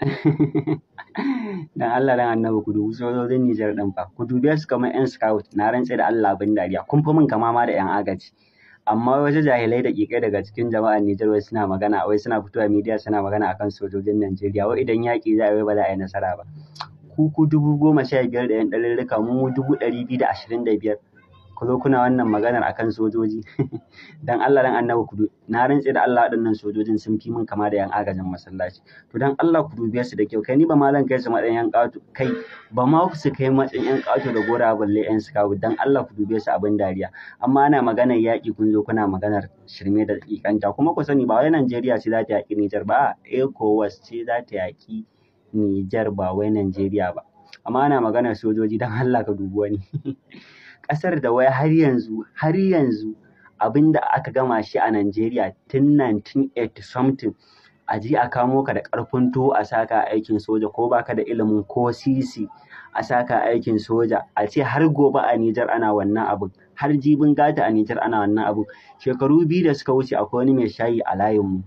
Dan Allah dan Annabi ku dubi sojojin Nijar ɗin fa, ku dubi su kamar 'yan scout, na rantse da Allah bin dariya, kun fi min kama ma da 'yan agaji. Amma wasu jahilai da kike daga cikin jama'ar Nijar wai suna magana, wai suna fitowa midiya suna magana akan sojojin Najeriya, wai idan yaki za a yi ba za a yi nasara ba. Ku ku dubu goma sha biyar da 'yan ɗarirrika, mu dubu ɗari biyu da ashirin da biyar. ku zo kuna wannan maganar akan sojoji dan Allah dan annabi ku na rantse da Allah waɗannan sojojin sun fi min kama da yan agajin masallaci to dan Allah ku dubiya su da kyau kai ni ba ma kai su matsayin yan ƙato kai ba ma ku su kai matsayin yan ƙato da gora balle yan sikawu dan Allah ku dubiya su abin dariya amma ana maganar yaƙi kun zo kuna maganar shirme da ƙiƙanta kuma ku sani ba wai Najeriya ce za ta yaƙi Nijar ba ECOWAS ce za ta yaƙi Nijar ba wai Najeriya ba amma ana maganar sojoji dan Allah ka dubi wani ƙasar da wai har yanzu har yanzu abin da aka gama shi a Najeriya tun 1980 something a ji a kamo ka da ƙarfin tuwo a saka aikin soja ko baka da ilimin ko sisi a saka aikin soja a ce har gobe a Nijar ana wannan abin har jibin gata a Nijar ana wannan abin shekaru biyu da suka wuce akwai wani mai shayi a layinmu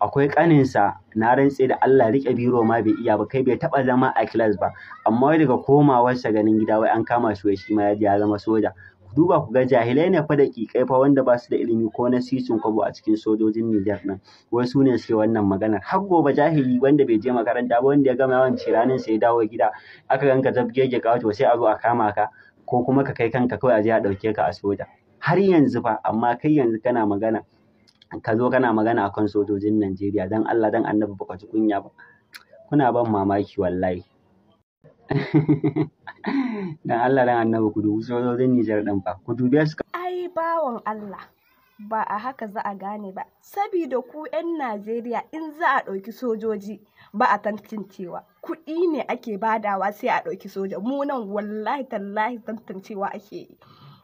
akwai ƙaninsa na rantse da Allah rike biro ma bai iya ba kai bai taɓa zama a kilas ba amma wai daga komawarsa ganin gida wai an kama shi wai shi ma ya zama soja Ku duba ku ga jahilai ne fa da kikai fa wanda ba su da ilimi ko na sisin kwabo a cikin sojojin Nijar nan wai su ne suke wannan maganar har gobe jahili wanda bai je makaranta ba wanda ya gama yawan ciranin sai ya dawo gida aka ganka zabgege ka wato sai a zo a kama ka ko kuma ka kai kanka kawai a je a dauke ka a soja har yanzu fa amma kai yanzu kana magana ka zo kana magana akan sojojin Najeriya dan Allah dan Annabi baka ji kunya ba kuna ban mamaki wallahi dan Allah dan Annabi ku dubi sojojin Nijar din fa ku dube su ai bawon Allah ba a haka za a gane ba sabida ku 'yan Najeriya in za a ɗauki sojoji ba a tantancewa kuɗi ne ake badawa sai a ɗauki soja mu nan wallahi tallahi tantancewa ake yi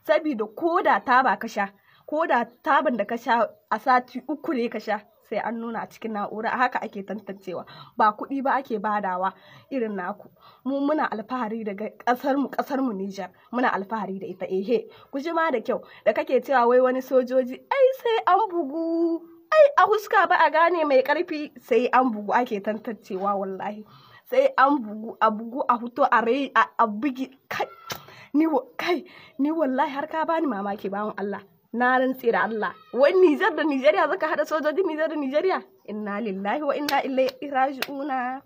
sabida ko da ta ba ka sha ko da taban da ka sha a sati uku ne ka sha sai an nuna a cikin na'ura a haka ake tantancewa ba kuɗi ba ake badawa irin naku mu muna alfahari daga ƙasar mu ƙasar mu Niger muna alfahari da ita ehe ku ji ma da kyau da kake cewa wai wani sojoji ai sai an bugu ai a huska ba a gane mai ƙarfi sai an bugu ake tantancewa wallahi sai an bugu a bugu a huto a rai a bugi kai ni kai ni wallahi har ka bani mamaki bawon Allah نارن سير الله نيجر نيجيريا ذكر هذا سودادي نيجر نيجيريا إن لله وإنا إليه راجعون